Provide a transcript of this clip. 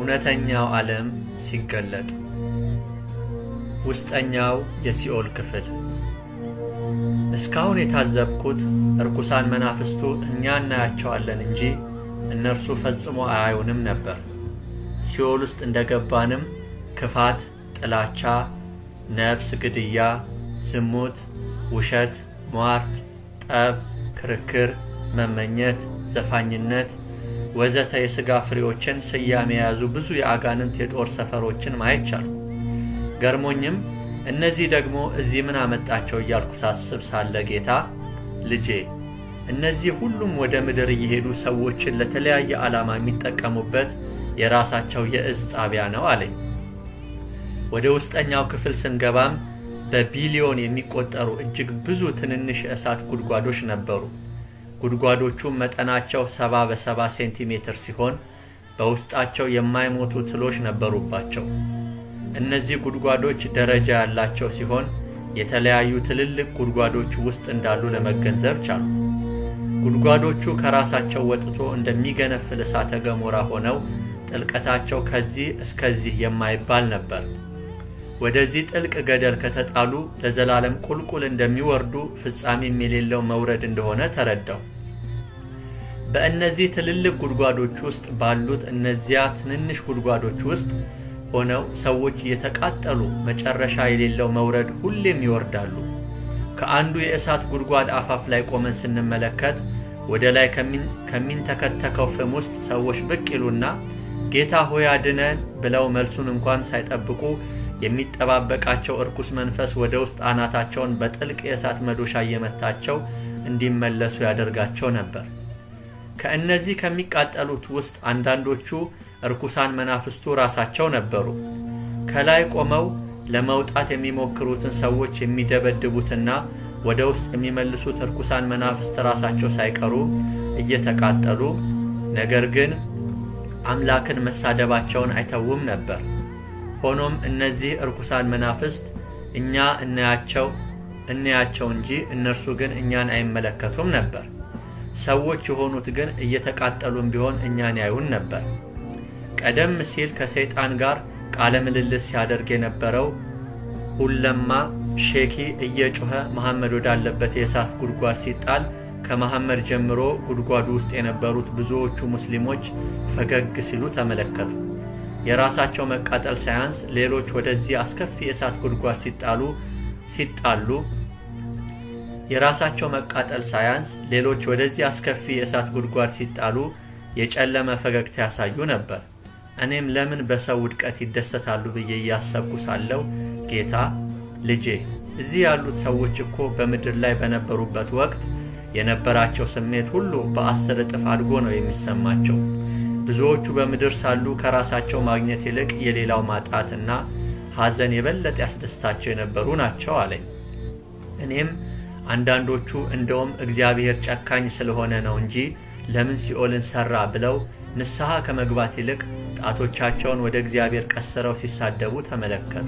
እውነተኛው ዓለም ሲገለጥ ውስጠኛው የሲኦል ክፍል እስካሁን የታዘብኩት እርኩሳን መናፍስቱ እኛ እናያቸዋለን እንጂ እነርሱ ፈጽሞ አያዩንም ነበር። ሲኦል ውስጥ እንደ ገባንም ክፋት፣ ጥላቻ፣ ነፍስ ግድያ፣ ዝሙት፣ ውሸት፣ ሟርት፣ ጠብ፣ ክርክር፣ መመኘት፣ ዘፋኝነት ወዘተ የሥጋ ፍሬዎችን ስያሜ የያዙ ብዙ የአጋንንት የጦር ሰፈሮችን ማየት ቻሉ። ገርሞኝም እነዚህ ደግሞ እዚህ ምን አመጣቸው እያልኩ ሳስብ ሳለ ጌታ ልጄ እነዚህ ሁሉም ወደ ምድር እየሄዱ ሰዎችን ለተለያየ ዓላማ የሚጠቀሙበት የራሳቸው የእዝ ጣቢያ ነው አለኝ። ወደ ውስጠኛው ክፍል ስንገባም በቢሊዮን የሚቆጠሩ እጅግ ብዙ ትንንሽ የእሳት ጉድጓዶች ነበሩ። ጉድጓዶቹ መጠናቸው ሰባ በሰባ ሴንቲሜትር ሲሆን በውስጣቸው የማይሞቱ ትሎች ነበሩባቸው። እነዚህ ጉድጓዶች ደረጃ ያላቸው ሲሆን የተለያዩ ትልልቅ ጉድጓዶች ውስጥ እንዳሉ ለመገንዘብ ቻሉ። ጉድጓዶቹ ከራሳቸው ወጥቶ እንደሚገነፍል እሳተ ገሞራ ሆነው ጥልቀታቸው ከዚህ እስከዚህ የማይባል ነበር። ወደዚህ ጥልቅ ገደል ከተጣሉ ለዘላለም ቁልቁል እንደሚወርዱ ፍጻሜም የሌለው መውረድ እንደሆነ ተረዳው። በእነዚህ ትልልቅ ጉድጓዶች ውስጥ ባሉት እነዚያ ትንንሽ ጉድጓዶች ውስጥ ሆነው ሰዎች እየተቃጠሉ መጨረሻ የሌለው መውረድ ሁሌም ይወርዳሉ። ከአንዱ የእሳት ጉድጓድ አፋፍ ላይ ቆመን ስንመለከት ወደ ላይ ከሚንተከተከው ፍም ውስጥ ሰዎች ብቅ ይሉና ጌታ ሆይ አድነን ብለው መልሱን እንኳን ሳይጠብቁ የሚጠባበቃቸው እርኩስ መንፈስ ወደ ውስጥ አናታቸውን በጥልቅ የእሳት መዶሻ እየመታቸው እንዲመለሱ ያደርጋቸው ነበር። ከእነዚህ ከሚቃጠሉት ውስጥ አንዳንዶቹ እርኩሳን መናፍስቱ ራሳቸው ነበሩ። ከላይ ቆመው ለመውጣት የሚሞክሩትን ሰዎች የሚደበድቡትና ወደ ውስጥ የሚመልሱት እርኩሳን መናፍስት ራሳቸው ሳይቀሩ እየተቃጠሉ ነገር ግን አምላክን መሳደባቸውን አይተውም ነበር። ሆኖም እነዚህ እርኩሳን መናፍስት እኛ እናያቸው እናያቸው እንጂ እነርሱ ግን እኛን አይመለከቱም ነበር። ሰዎች የሆኑት ግን እየተቃጠሉም ቢሆን እኛን ያዩን ነበር። ቀደም ሲል ከሰይጣን ጋር ቃለ ምልልስ ሲያደርግ የነበረው ሁለማ ሼኪ እየጮኸ መሐመድ ወዳለበት የእሳት ጉድጓድ ሲጣል ከመሐመድ ጀምሮ ጉድጓዱ ውስጥ የነበሩት ብዙዎቹ ሙስሊሞች ፈገግ ሲሉ ተመለከቱ። የራሳቸው መቃጠል ሳያንስ ሌሎች ወደዚህ አስከፊ የእሳት ጉድጓድ ሲጣሉ ሲጣሉ የራሳቸው መቃጠል ሳያንስ ሌሎች ወደዚህ አስከፊ የእሳት ጉድጓድ ሲጣሉ የጨለመ ፈገግታ ያሳዩ ነበር። እኔም ለምን በሰው ውድቀት ይደሰታሉ ብዬ እያሰብኩ ሳለው ጌታ ልጄ፣ እዚህ ያሉት ሰዎች እኮ በምድር ላይ በነበሩበት ወቅት የነበራቸው ስሜት ሁሉ በአስር እጥፍ አድጎ ነው የሚሰማቸው ብዙዎቹ በምድር ሳሉ ከራሳቸው ማግኘት ይልቅ የሌላው ማጣትና ሐዘን የበለጠ ያስደስታቸው የነበሩ ናቸው አለኝ። እኔም አንዳንዶቹ እንደውም እግዚአብሔር ጨካኝ ስለሆነ ነው እንጂ ለምን ሲኦልን ሠራ ብለው ንስሐ ከመግባት ይልቅ ጣቶቻቸውን ወደ እግዚአብሔር ቀስረው ሲሳደቡ ተመለከቱ።